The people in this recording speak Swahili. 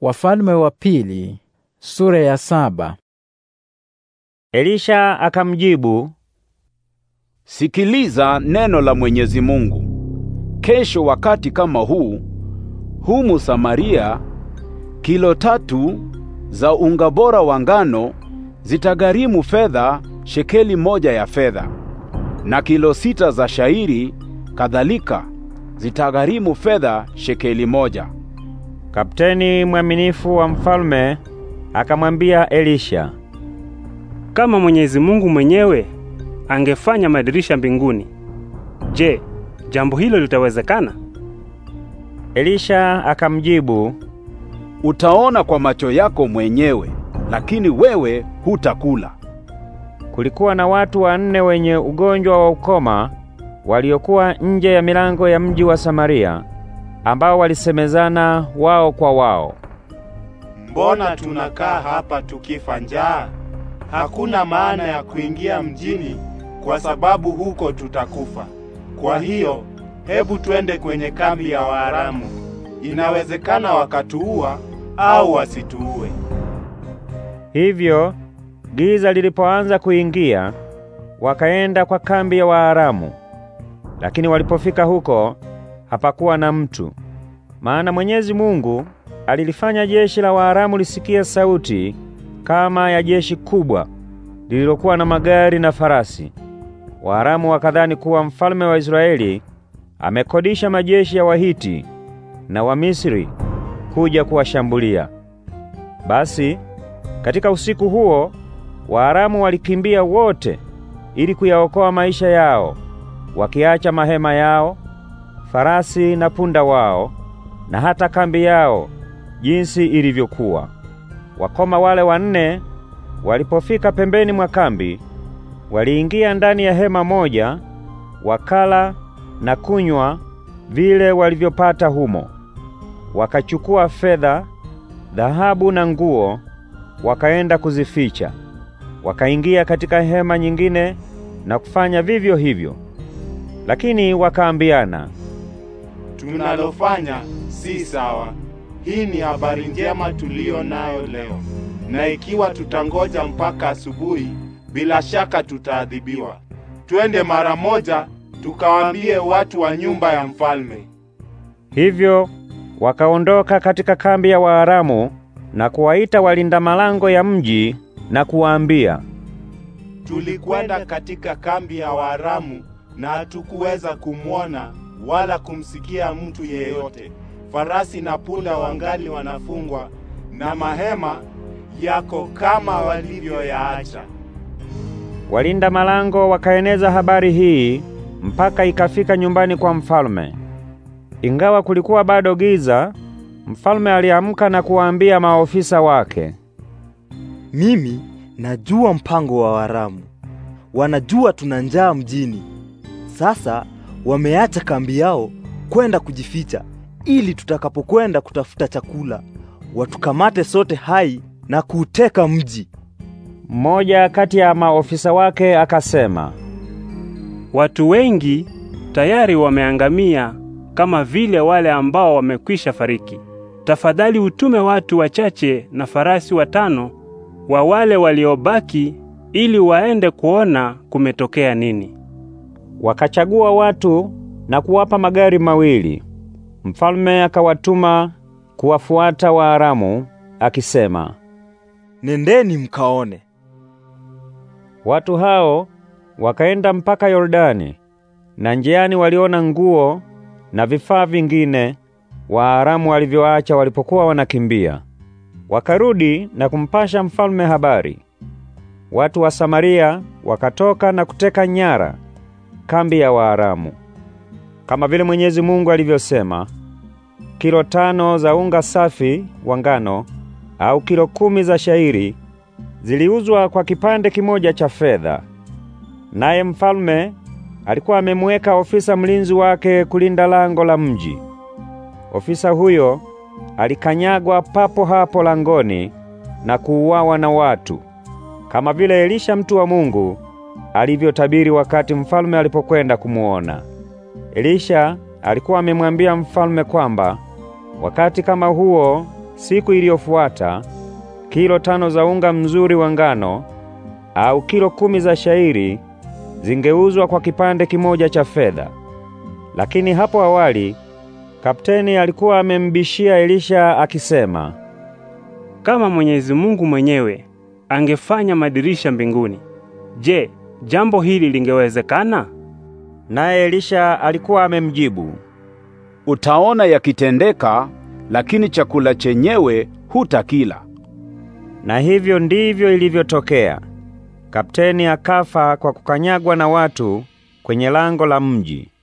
Wafalme wa pili, sura ya saba. Elisha akamjibu, Sikiliza neno la Mwenyezi Mungu. Kesho wakati kama huu, humu Samaria, kilo tatu za unga bora wa ngano zitagharimu fedha shekeli moja ya fedha, na kilo sita za shairi kadhalika zitagharimu fedha shekeli moja. Kapteni mwaminifu wa mfalme akamwambia Elisha, kama Mwenyezi Mungu mwenyewe angefanya madirisha mbinguni, je, jambo hilo litawezekana? Elisha akamjibu, utaona kwa macho yako mwenyewe, lakini wewe hutakula. Kulikuwa na watu wanne wenye ugonjwa wa ukoma waliokuwa nje ya milango ya mji wa Samaria ambao walisemezana wao kwa wao, mbona tunakaa hapa tukifa njaa? Hakuna maana ya kuingia mjini kwa sababu huko tutakufa. Kwa hiyo hebu twende kwenye kambi ya Waaramu, inawezekana wakatuua au wasituue. Hivyo giza lilipoanza kuingia, wakaenda kwa kambi ya Waaramu, lakini walipofika huko hapakuwa na mtu, maana Mwenyezi Mungu alilifanya jeshi la Waaramu lisikie sauti kama ya jeshi kubwa lililokuwa na magari na farasi. Waaramu wakadhani kuwa mfalme wa Israeli amekodisha majeshi ya Wahiti na Wamisri kuja kuwashambulia. Basi katika usiku huo Waaramu walikimbia wote ili kuyaokoa maisha yao, wakiacha mahema yao farasi na punda wao na hata kambi yao jinsi ilivyokuwa. Wakoma wale wanne walipofika pembeni mwa kambi, waliingia ndani ya hema moja, wakala na kunywa vile walivyopata humo. Wakachukua fedha, dhahabu na nguo, wakaenda kuzificha. Wakaingia katika hema nyingine na kufanya vivyo hivyo, lakini wakaambiana tunalofanya si sawa. Hii ni habari njema tuliyo nayo leo, na ikiwa tutangoja mpaka asubuhi, bila shaka tutaadhibiwa. Twende mara moja tukawaambie watu wa nyumba ya mfalme. Hivyo wakaondoka katika kambi ya Waaramu na kuwaita walinda malango ya mji na kuwaambia, tulikwenda katika kambi ya Waaramu na hatukuweza kumwona wala kumsikia mtu yeyote. Farasi na punda wangali wanafungwa, na mahema yako kama walivyoyaacha. Walinda malango wakaeneza habari hii mpaka ikafika nyumbani kwa mfalme. Ingawa kulikuwa bado giza, mfalme aliamka na kuwaambia maofisa wake, mimi najua mpango wa Waramu. Wanajua tuna njaa mjini. Sasa wameacha kambi yao kwenda kujificha, ili tutakapokwenda kutafuta chakula watukamate sote hai na kuuteka mji. Mmoja kati ya maofisa wake akasema, watu wengi tayari wameangamia kama vile wale ambao wamekwisha fariki. Tafadhali utume watu wachache na farasi watano wa wale waliobaki, ili waende kuona kumetokea nini. Wakachagua watu na kuwapa magari mawili. Mfalme akawatuma kuwafuata Waaramu akisema, nendeni mkaone. Watu hao wakaenda mpaka Yordani, na njiani waliona nguo na vifaa vingine Waaramu walivyoacha walipokuwa wanakimbia. Wakarudi na kumpasha mfalme habari. Watu wa Samaria wakatoka na kuteka nyara kambi ya Waaramu. Kama vile Mwenyezi Mungu alivyosema, kilo tano za unga safi wa ngano au kilo kumi za shairi ziliuzwa kwa kipande kimoja cha fedha. Naye mfalme alikuwa amemweka ofisa mlinzi wake kulinda lango la mji. Ofisa huyo alikanyagwa papo hapo langoni na kuuawa na watu, kama vile Elisha mtu wa Mungu alivyotabiri wakati mfalme alipokwenda kumuona. Elisha alikuwa amemwambia mfalme kwamba wakati kama huo siku iliyofuata kilo tano za unga mzuri wa ngano au kilo kumi za shairi zingeuzwa kwa kipande kimoja cha fedha. Lakini hapo awali kapteni alikuwa amembishia Elisha akisema, kama Mwenyezi Mungu mwenyewe angefanya madirisha mbinguni, je, jambo hili lingewezekana? Naye Elisha alikuwa amemjibu, utaona yakitendeka, lakini chakula chenyewe hutakila. Na hivyo ndivyo ilivyotokea. Kapteni akafa kwa kukanyagwa na watu kwenye lango la mji.